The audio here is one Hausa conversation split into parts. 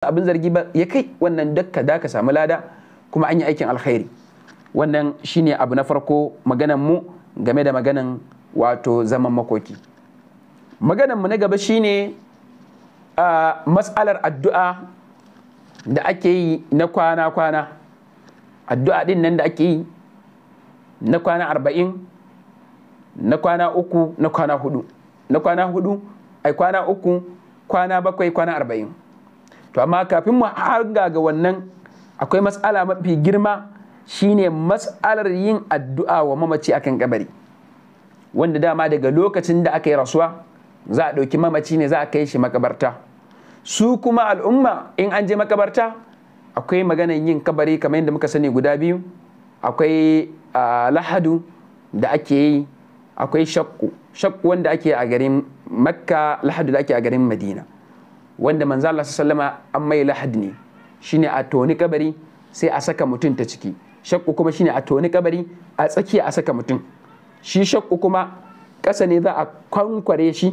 abin zargi ba ya kai wannan dakka da ka samu lada kuma an yi aikin alkhairi wannan shine abu na farko maganan mu game da maganan wato zaman makoki maganan mu na gaba shine a matsalar addu'a da ake yi na kwana kwana addu'a din nan da ake yi na kwana arba'in na kwana uku na kwana hudu na kwana hudu ai kwana uku kwana bakwai kwana arba'in to amma kafin mu hanga ga wannan akwai matsala mafi girma shine mas'alar yin addu'a wa mamaci akan kabari wanda dama daga lokacin da aka yi rasuwa za a ɗauki mamaci ne za a kai shi makabarta su kuma al'umma in an je makabarta akwai maganar yin kabari kamar yadda muka sani guda biyu akwai lahadu da ake yi akwai shakku shakku wanda ake a garin makka lahadu da ake a garin madina wanda manzo Allah sallama an mai lahad ne shine a toni kabari sai a saka mutum ta ciki shakku kuma shine a toni kabari a tsakiya a saka mutum shi shakku kuma ƙasa ne za a kwankware shi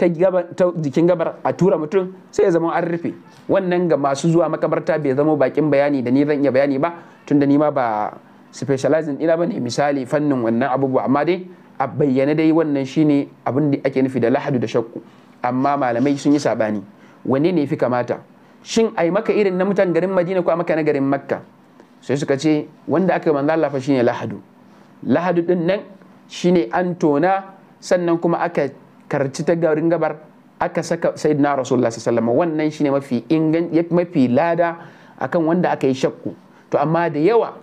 ta jikin gabar a tura mutum sai ya zama an rufe wannan ga masu zuwa makabarta bai zama bakin bayani da ni zan iya bayani ba tunda ni ma ba specializing ina ne misali fannin wannan abubuwa amma dai a bayyana dai wannan shine abin da ake nufi da lahadu da shakku amma malamai sun yi sabani wanne ne fi kamata shin ai maka irin na mutan garin madina ko a maka na garin makka sai suka ce wanda aka manzo Allah fa shine lahadu lahadu din nan shine an tona sannan kuma aka karci ta garin gabar aka saka sayyidina rasulullah sallallahu alaihi wannan shine mafi ingan mafi lada akan wanda aka yi shakku to amma da yawa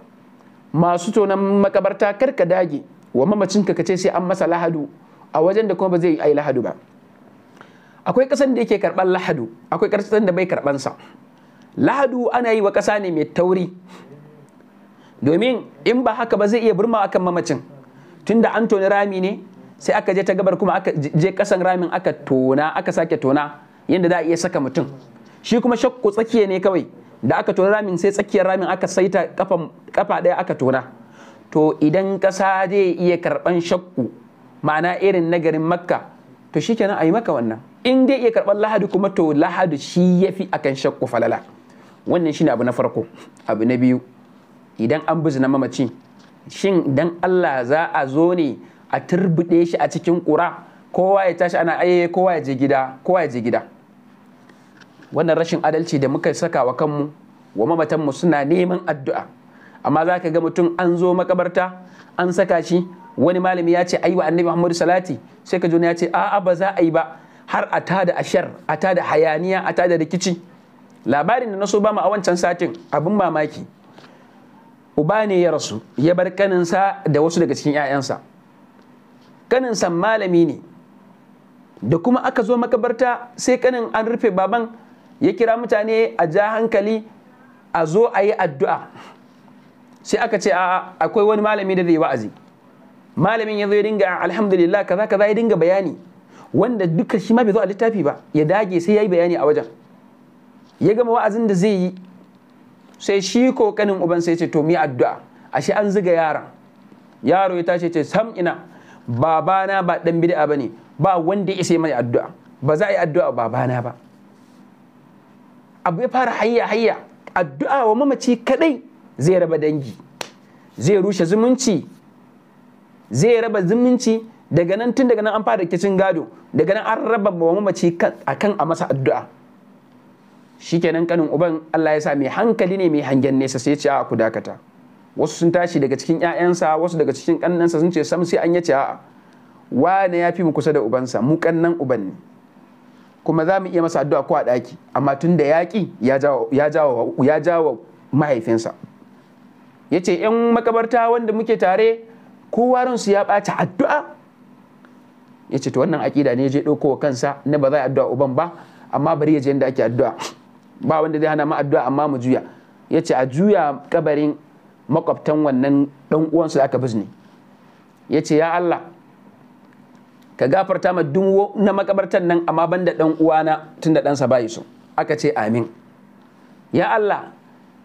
masu tonan makabarta karka dage wa mamacinka ka ce sai an masa lahadu a wajen da kuma ba zai yi lahadu ba akwai ƙasan da yake karban lahadu akwai karsan da bai sa lahadu ana yi wa ƙasa ne mai tauri domin in ba haka ba zai iya burma akan mamacin tunda an toni rami ne sai aka je ta gabar kuma aka je ƙasan ramin aka tona aka sake tona yadda za a iya saka mutum shi kuma shakku tsakiya ne kawai da aka tona ramin sai tsakiyar ramin aka saita kafa daya aka tona to idan kasa zai iya karban shakku ma'ana irin nagarin makka to shi kenan a yi maka wannan in dai iya karɓar lahadi kuma to lahadi shi ya fi akan shakku falala wannan shi ne abu na farko abu na biyu idan an bizina mamaci shin dan Allah za a zo ne a turbuɗe shi a cikin ƙura kowa ya tashi ana aye kowa ya je gida kowa ya je gida wannan rashin adalci da muka saka wa kanmu wa mamatanmu suna neman addu'a amma za ka ga mutum an zo makabarta an saka shi wani malami ya ce ai wa annabi Muhammadu salati sai ka ji ya ce a ba za a yi ba har a ta da ashar a ta da hayaniya a ta da rikici labarin da na so ba mu a wancan satin abin mamaki uba ne ya rasu ya bar kaninsa da wasu daga cikin 'ya'yansa kaninsa malami ne da kuma aka zo makabarta sai kanin an rufe baban ya kira mutane a ja hankali a zo a yi addu'a sai aka ce a akwai wani malami da zai wa'azi malamin ya zo ya dinga alhamdulillah kaza kaza ya dinga bayani wanda duka shi ma bai zo a littafi ba ya dage sai ya yi bayani a wajen ya gama wa'azin da zai yi sai shi kokanin uban sai ce to ya addu'a ashe an zuga yaran yaro ya tashi ce sam ina babana ba dan bid'a bane ba wanda ya mai addu'a ba za a yi addu'a babana ba abu ya fara hayya hayya addu'a wa mamaci kadai zai raba dangi zai rushe zumunci zai raba zumunci daga nan tun daga nan an fara rikicin gado daga nan an raba ma mamaci akan a masa addu'a shikenan kanin uban Allah ya sa mai hankali ne mai hangen nesa sai ya ce a ku dakata wasu sun tashi daga cikin 'ya'yansa wasu daga cikin kannansa sun ce sam sai an yace a'a wane ya fi mu kusa da ubansa mu kannan uban ne kuma za mu iya masa addu'a ko a daki. amma tun da yaƙi ya jawo mahaifinsa ya ce ‘yan makabarta wanda muke tare kowa ransu ya ɓaci addu'a ya ce to wannan aƙida ne je ɗauko kansa na ba za a addu'a uban ba amma bari ya je yadda ake addu'a ba wanda zai hana ma addu'a amma mu juya ya ce a juya kabarin makwabtan wannan ɗan uwansu da aka bizni ya ce ya Allah ka gafarta ma duk na makabartan nan amma banda ɗan uwana tun da ɗansa bayi su aka ce amin ya Allah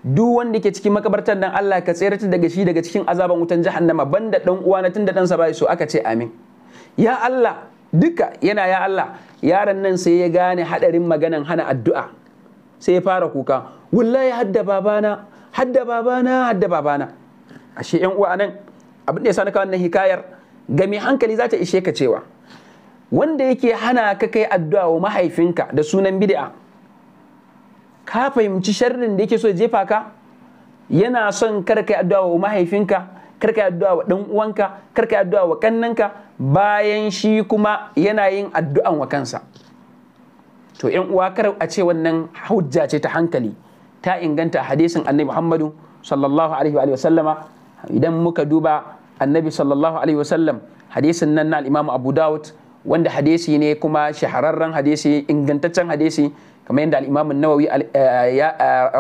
duk wanda ke cikin makabartar nan Allah ka tsere daga shi daga cikin azaban wutan jahannama banda dan uwa na tunda dan sa bai so aka ce amin ya Allah duka yana ya Allah yaron nan sai ya gane hadarin maganan hana addu'a sai ya fara kuka wallahi hadda babana hadda babana hadda babana ashe yan uwa nan abin da ya sani ka wannan hikayar ga mai hankali za ta ishe ka cewa wanda yake hana ka kai addu'a wa mahaifinka da sunan bid'a ka fahimci sharrin da yake so ya jefa ka yana son kar yi addu'a wa mahaifinka kar yi addu'a wa dan uwanka kar yi addu'a wa kannanka bayan shi kuma yana yin addu'an wa kansa to yan uwa kar a ce wannan hujja ce ta hankali ta inganta hadisin annabi Muhammadu sallallahu alaihi wa sallama idan muka duba annabi sallallahu alaihi wa sallam hadisin nan na al imamu Abu Dawud wanda hadisi ne kuma shahararren hadisi ingantaccen hadisi kamar yadda al nawawi eh, eh, ya eh,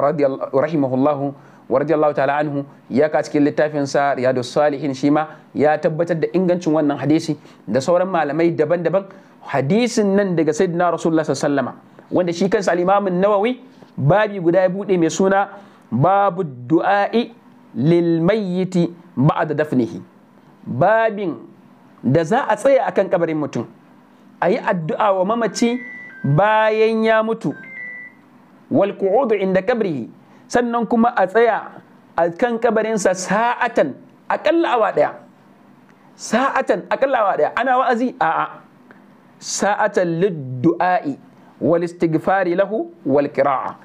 rahimahullahu wa radiyallahu ta'ala anhu ya ka cikin littafin sa riyadu salihin shi ma ya tabbatar da ingancin wannan hadisi da sauran malamai daban-daban hadisin nan daga sayyidina rasulullah sallama wanda shi kansa al nawawi babi guda ya bude mai suna babu du'a'i lil mayyiti ba'da dafnihi babin da za a tsaya akan kabarin mutum a yi addu'a wa mamaci bayan ya mutu wal qu'udu inda kabrihi sannan kuma a tsaya a kan kabarinsa sa'atan aƙalla awa daya sa'atan aƙalla awa daya ana wa'azi a sa'atan liddu'a'i wal istighfari lahu wal qira'a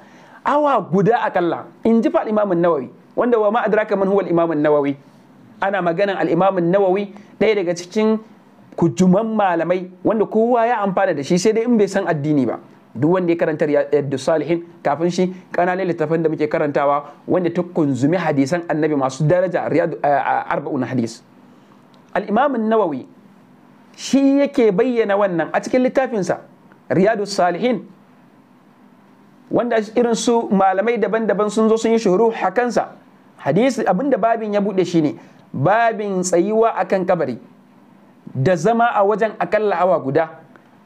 awa guda aƙalla in ji fa imamun nawawi wanda wa ma adraka man huwa al imamun nawawi ana maganan al imamun nawawi ɗaya daga cikin kujuman malamai wanda kowa ya amfana da shi sai dai in bai san addini ba duk wanda ya karanta yadda salihin kafin shi kananan littafin da muke karantawa wanda ta kunzumi hadisan annabi masu daraja arba'un hadis al-imam nawawi shi yake bayyana wannan a cikin littafinsa riyadu salihin wanda irin su malamai daban-daban sun zo sun yi shuhuru hakansa hadisi abinda babin ya buɗe shi ne babin tsayuwa akan kabari da zama a wajen akalla awa guda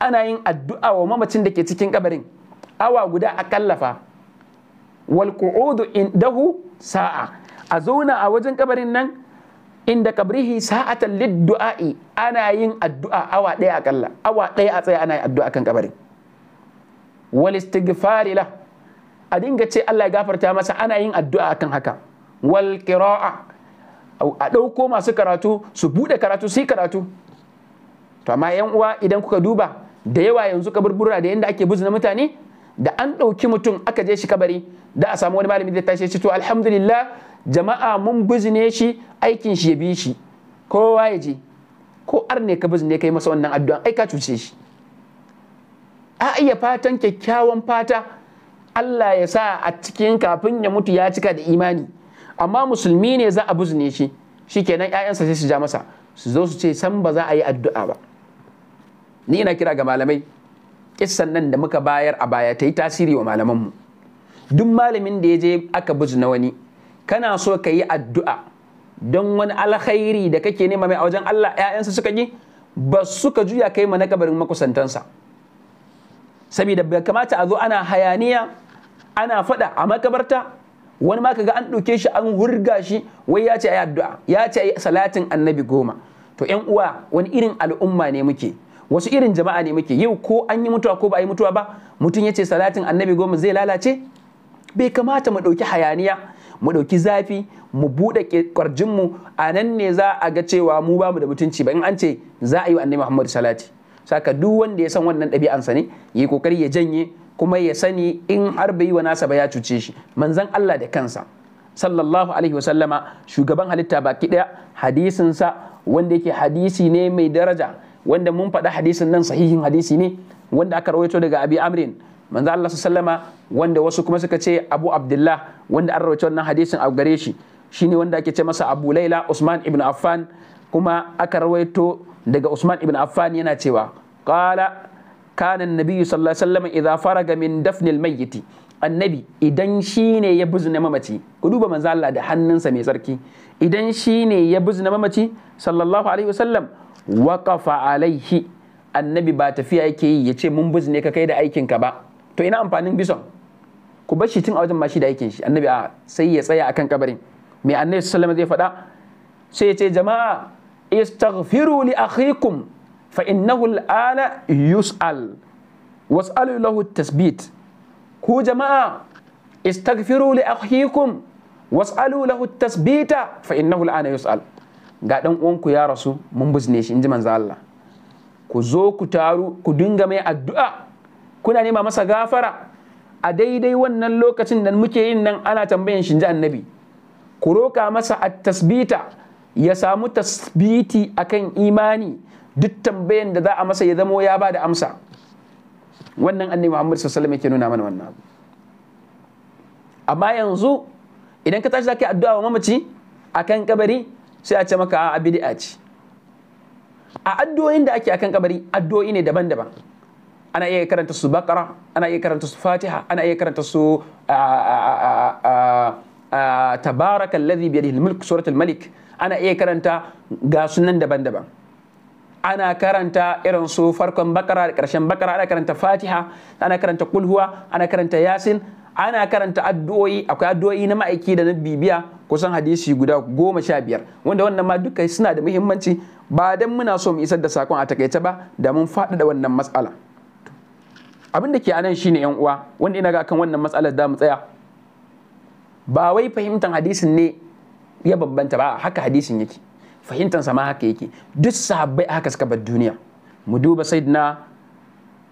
ana yin addu'a wa mamacin da ke cikin kabarin awa guda akalla fa wal qu'udu indahu sa'a a zauna a wajen kabarin nan inda kabrihi sa'atan liddu'a'i ana yin addu'a awa ɗaya akalla awa ɗaya a tsaye ana yin addu'a kan kabarin wal istighfari la a dinga ce Allah ya gafarta masa ana yin addu'a akan haka wal a ɗauko masu karatu su buɗe karatu su yi karatu to amma yan uwa idan kuka duba da yawa yanzu kaburbura da yanda ake buzna mutane da an ɗauki mutum aka je shi kabari da a samu wani malami da tashi ce to alhamdulillah jama'a mun buzne shi aikin shi ya bi shi kowa ya je ko ar ne ka buzne kai masa wannan addu'an ai ka cuce shi a iya fatan kyakkyawan fata Allah ya sa a cikin kafin ya mutu ya cika da imani amma musulmi ne za a buzne shi shikenan 'ya'yansa sai su ja masa su zo su ce san ba za a yi addu'a ba ni ina kira ga malamai kissan nan da muka bayar a baya ta yi tasiri wa malamanmu duk malamin da ya je aka buzu na wani kana so ka yi addu'a don wani alkhairi da kake nema mai a wajen Allah ‘ya'yansa suka yi ba suka juya kai ma na kabarin makusantansa saboda bai kamata a zo ana hayaniya ana faɗa a makabarta wani ma kaga an ɗauke shi an hurga shi wai ya ce ayi addu'a ya ce ayi salatin annabi goma to ‘yan uwa wani irin al'umma ne muke wasu irin jama'a ne muke yau ko an yi mutuwa ko ba a yi mutuwa ba mutum ya ce salatin annabi goma zai lalace bai kamata mu ɗauki hayaniya mu ɗauki zafi mu buɗe ƙwarjinmu a nan ne za a ga cewa mu ba mu da mutunci ba in an ce za a yi wa annabi muhammadu salati saka duk wanda ya san wannan ɗabi'ansa ne ya yi kokari ya janye kuma ya sani in har bai wa nasa ba ya cuce shi manzon Allah da kansa sallallahu alaihi wasallama shugaban halitta baki ɗaya hadisinsa wanda yake hadisi ne mai daraja wanda mun faɗa hadisin nan sahihin hadisi ne wanda aka rawaito daga abi amrin manzo Allah sallama wanda wasu kuma suka ce abu abdullah wanda an rawaito wannan hadisin a gare shi shine wanda ake ce masa abu laila usman ibn affan kuma aka rawaito daga usman ibn affan yana cewa qala kana annabi sallallahu alaihi wasallam idza faraga min dafnil mayyiti annabi idan shine ya buzna mamaci ku duba manzo Allah da hannunsa mai tsarki idan shi ne ya buzna mamaci sallallahu alaihi wasallam waƙafa alaihi annabi ba tafiya yake yi ya ce mun ne ka kai da ka ba to ina amfanin bison ku bar shi tun a wajen ma shi da aikin shi annabi a sai ya tsaya akan kabarin mai annabi sallallahu zai faɗa sai ya ce jama'a istaghfiru li akhikum fa innahu al'ana yus'al was'alu lahu tasbit ku jama'a istaghfiru li akhikum was'alu lahu tasbita fa innahu al'ana yus'al ga dan uwanku ya rasu mun bizne shi inji manzo Allah ku zo ku taru ku dinga mai addu'a kuna nema masa gafara a daidai wannan lokacin da muke yin nan ana tambayan shi inji annabi ku roka masa at-tasbita ya samu tasbiti akan imani duk tambayan da za a masa ya zamo ya ba da amsa wannan annabi Muhammad sallallahu alaihi wasallam yake nuna mana wannan amma yanzu idan ka tashi zaka yi addu'a wa mamaci akan kabari sai a ce maka a bid'a ce a addu'o'in da ake akan kabari addu'o'i ne daban-daban ana iya karanta su bakara ana iya karanta su fatiha ana iya karanta su tabaraka alladhi bi yadihi mulk suratul malik ana iya karanta ga sunan daban-daban ana karanta irin su farkon bakara da karshen bakara ana karanta fatiha ana karanta kulhuwa ana karanta yasin ana karanta addu'o'i akwai addu'o'i na ma'aiki da na bibiya kusan hadisi guda goma sha biyar wanda wannan ma duka suna da muhimmanci ba dan muna so mu isar da sakon a takaice ba da mun faɗaɗa wannan matsala abin da ke anan shine yan uwa wanda ina ga kan wannan matsala da mu tsaya ba wai fahimtar hadisin ne ya bambanta ba haka hadisin yake fahimtar sama haka yake duk sahabbai haka suka bar duniya mu duba sayyidina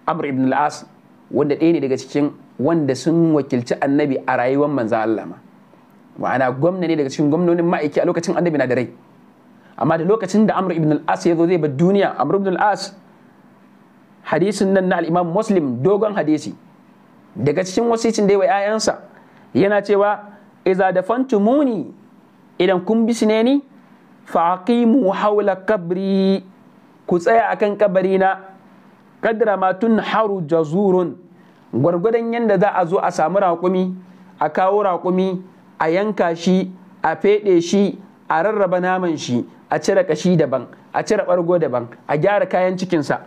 amr ibn al-as wanda ɗaya ne daga cikin wanda sun wakilci annabi a rayuwar manzo Allah ma ma'ana gwamna ne daga cikin gwamnonin ma'aiki a lokacin annabi na da rai amma da lokacin da amru ibn al-as ya zo zai bar duniya amru ibn al-as hadisin nan na al-imam muslim dogon hadisi daga cikin wasicin da wa 'ya'yansa yana cewa idza dafantumuni idan kun bi sine ni fa aqimu hawla qabri ku tsaya akan na kadra ma tunharu jazurun gwargwadon yadda za a zo a samu raƙumi a kawo raƙumi a yanka shi a feɗe shi a rarraba naman shi a cire kashi daban a cire ɓargo daban a gyara kayan cikinsa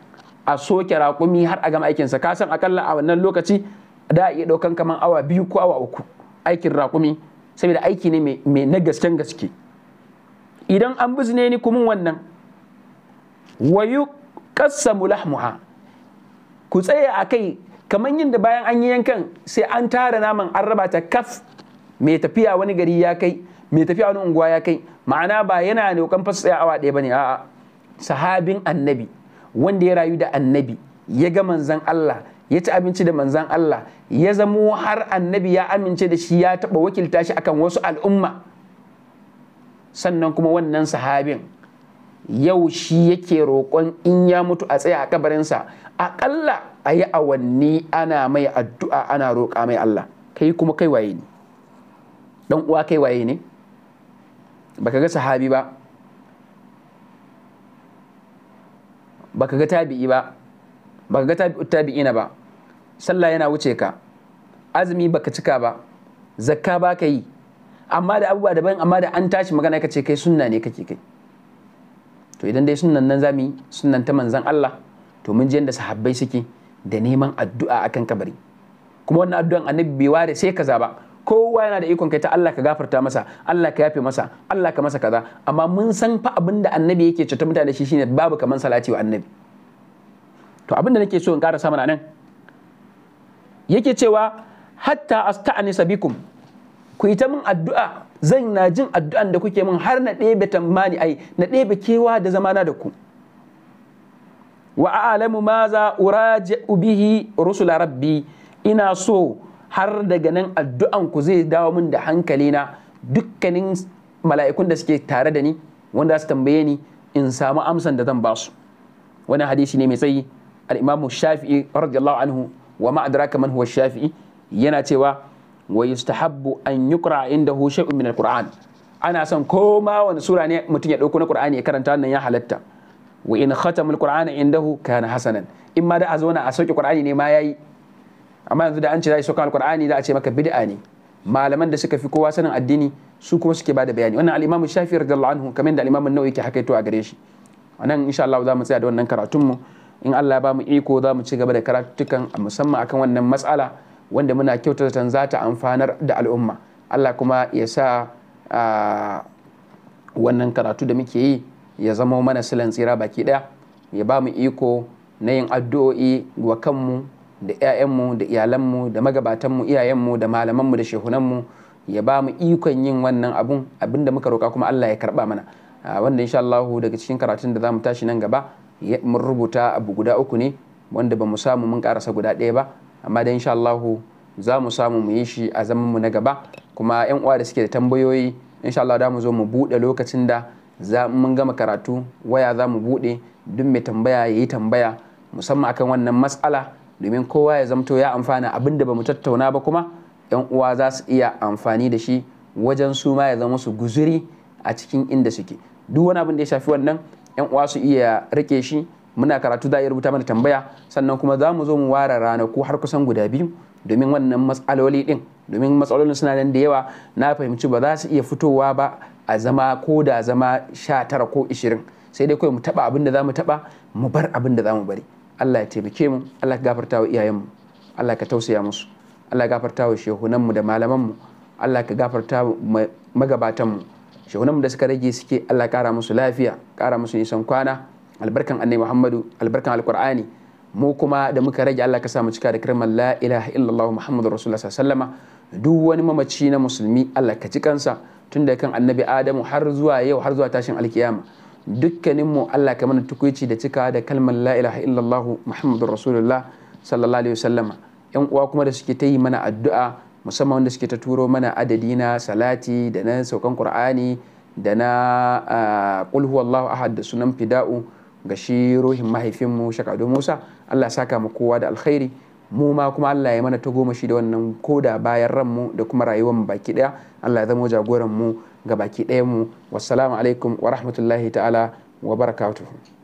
a soke raƙumi har a gama aikinsa ka san akalla a wannan lokaci da a iya ɗaukan kamar awa biyu ko awa uku aikin raƙumi saboda aiki ne mai na gasken gaske idan an bizne ni kuma wannan wayu kassamu lahmuha ku tsaya a kai kamar yin bayan an yi yankan sai an tara naman an raba ta kaf mai tafiya wani gari ya kai mai tafiya wani unguwa ya kai ma'ana ba yana ne kan fasa awa ɗaya bane a'a sahabin annabi wanda ya rayu da annabi ya ga manzan Allah ya ci abinci da manzan Allah ya zamo har annabi ya amince da shi ya taba wakilta shi akan wasu al'umma sannan kuma wannan sahabin yau shi yake roƙon in ya mutu a tsaya a kabarinsa aƙalla a yi awanni ana mai addu'a ana roƙa mai Allah kai kuma kai waye ne dan uwa kai waye ne baka ga sahabi ba baka ga tabi'i ba baka ga tabi'ina ba sallah yana wuce ka azumi baka cika ba zakka ba ka yi amma da abubuwa daban amma da an tashi magana ka ce kai sunna ne kake kai to idan dai sunnan nan zami yi ta manzan Allah to mun ji yadda sahabbai suke da neman addu'a akan kabari kuma wannan addu'an annabi bai ware sai kaza ba kowa yana da ikon kai ta Allah ka gafarta masa Allah ka yafe masa Allah ka masa kaza amma mun san fa abin da annabi yake ta mutane shi shine babu kaman salati wa annabi to abin da nake so in ƙara mana nan yake cewa hatta asta'anisa bikum ku yi ta min addu'a zan na jin addu'an da kuke min har na ɗebe tamani ai na ɗebe kewa da zamana da ku wa a'lamu maza za ubihi, bihi rusula rabbi ina so har daga nan addu'an ku zai dawo min da hankali na dukkanin mala'ikun da suke tare da ni wanda su tambaye ni in samu amsan da zan ba su wani hadisi ne mai tsayi al-imam shafi'i radiyallahu anhu wa ma adraka man huwa shafi'i yana cewa wa yustahabbu an yuqra indahu shay'un min al-qur'an ana son koma wani sura ne mutum ya dauko na qur'ani ya karanta wannan ya halatta wa in khatama al-qur'ana indahu kana hasanan in ma da a zauna a sauke qur'ani ne ma yayi amma yanzu da an ce za a yi alkur'ani za a ce maka bid'a ne malaman da suka fi kowa sanin addini su kuma suke bada bayani wannan al-Imam Shafi'i radiyallahu anhu kamar da al-Imam an-Nawawi yake hakaito a gare shi anan insha Allah za mu tsaya da wannan karatun mu in Allah ya ba mu iko za mu ci gaba da karatukan musamman akan wannan matsala wanda muna kyautata tan za ta amfanar da al'umma Allah kuma ya sa wannan karatu da muke yi ya zama mana silan tsira baki daya ya ba mu iko na yin addu'o'i wa kanmu da 'ya'yanmu da iyalanmu da magabatanmu iyayenmu da malamanmu da shehunanmu ya ba mu ikon yin wannan abun abinda muka roƙa kuma Allah ya karɓa mana wanda insha Allah daga cikin karatun da za mu tashi nan gaba mun rubuta abu guda uku ne wanda ba mu samu mun karasa guda ɗaya ba amma da insha Allah za mu samu mu yi shi a zaman mu na gaba kuma yan uwa da suke da tambayoyi insha Allah da mu zo mu buɗe lokacin da za mun gama karatu waya za mu buɗe duk mai tambaya ya yi tambaya musamman akan wannan matsala domin kowa ya zamto ya amfana abin da mu tattauna ba kuma yan uwa za su iya amfani da shi wajen su ma ya zama su guzuri a cikin inda suke duk wani abin da ya shafi wannan yan uwa su iya rike shi muna karatu za a rubuta mana tambaya sannan kuma za mu zo mu ware ranaku har kusan guda biyu domin wannan matsaloli din domin matsalolin suna nan da yawa na fahimci ba za su iya fitowa ba a zama ko da zama sha tara ko ishirin sai dai kawai mu taba abin da za mu taba mu bar abin da za mu bari Allah ya taimake mu Allah ka gafarta wa iyayenmu Allah ka tausaya musu Allah ka gafarta wa shehunanmu da malamanmu Allah ka gafarta wa magabatanmu shehunanmu da suka rage suke Allah kara musu lafiya kara musu nisan kwana albarkan annabi Muhammadu albarkan alqur'ani mu kuma da muka rage Allah ka sa mu cika da kirman la ilaha illallah muhammadur rasulullah sallallahu alaihi duk wani mamaci na musulmi Allah ka ji kansa tun da kan annabi Adamu har zuwa yau har zuwa tashin alkiyama dukkaninmu Allah ka mana tukuici da cika da kalmar la ilaha illallah muhammadur rasulullah sallallahu alaihi wasallama yan uwa kuma da suke ta yi mana addu'a musamman wanda suke ta turo mana adadi na salati da na saukan qur'ani da na qul huwallahu ahad da sunan fida'u ga shi rohin mahaifinmu shakadu musa Allah saka mu kowa da alkhairi mu ma kuma Allah ya mana ta goma shi da wannan koda bayan ranmu da kuma rayuwar mu baki daya Allah ya zama jagoran mu ga baki ɗayan mu wassalamu alaikum wa rahmatullahi ta'ala wa barakatuhu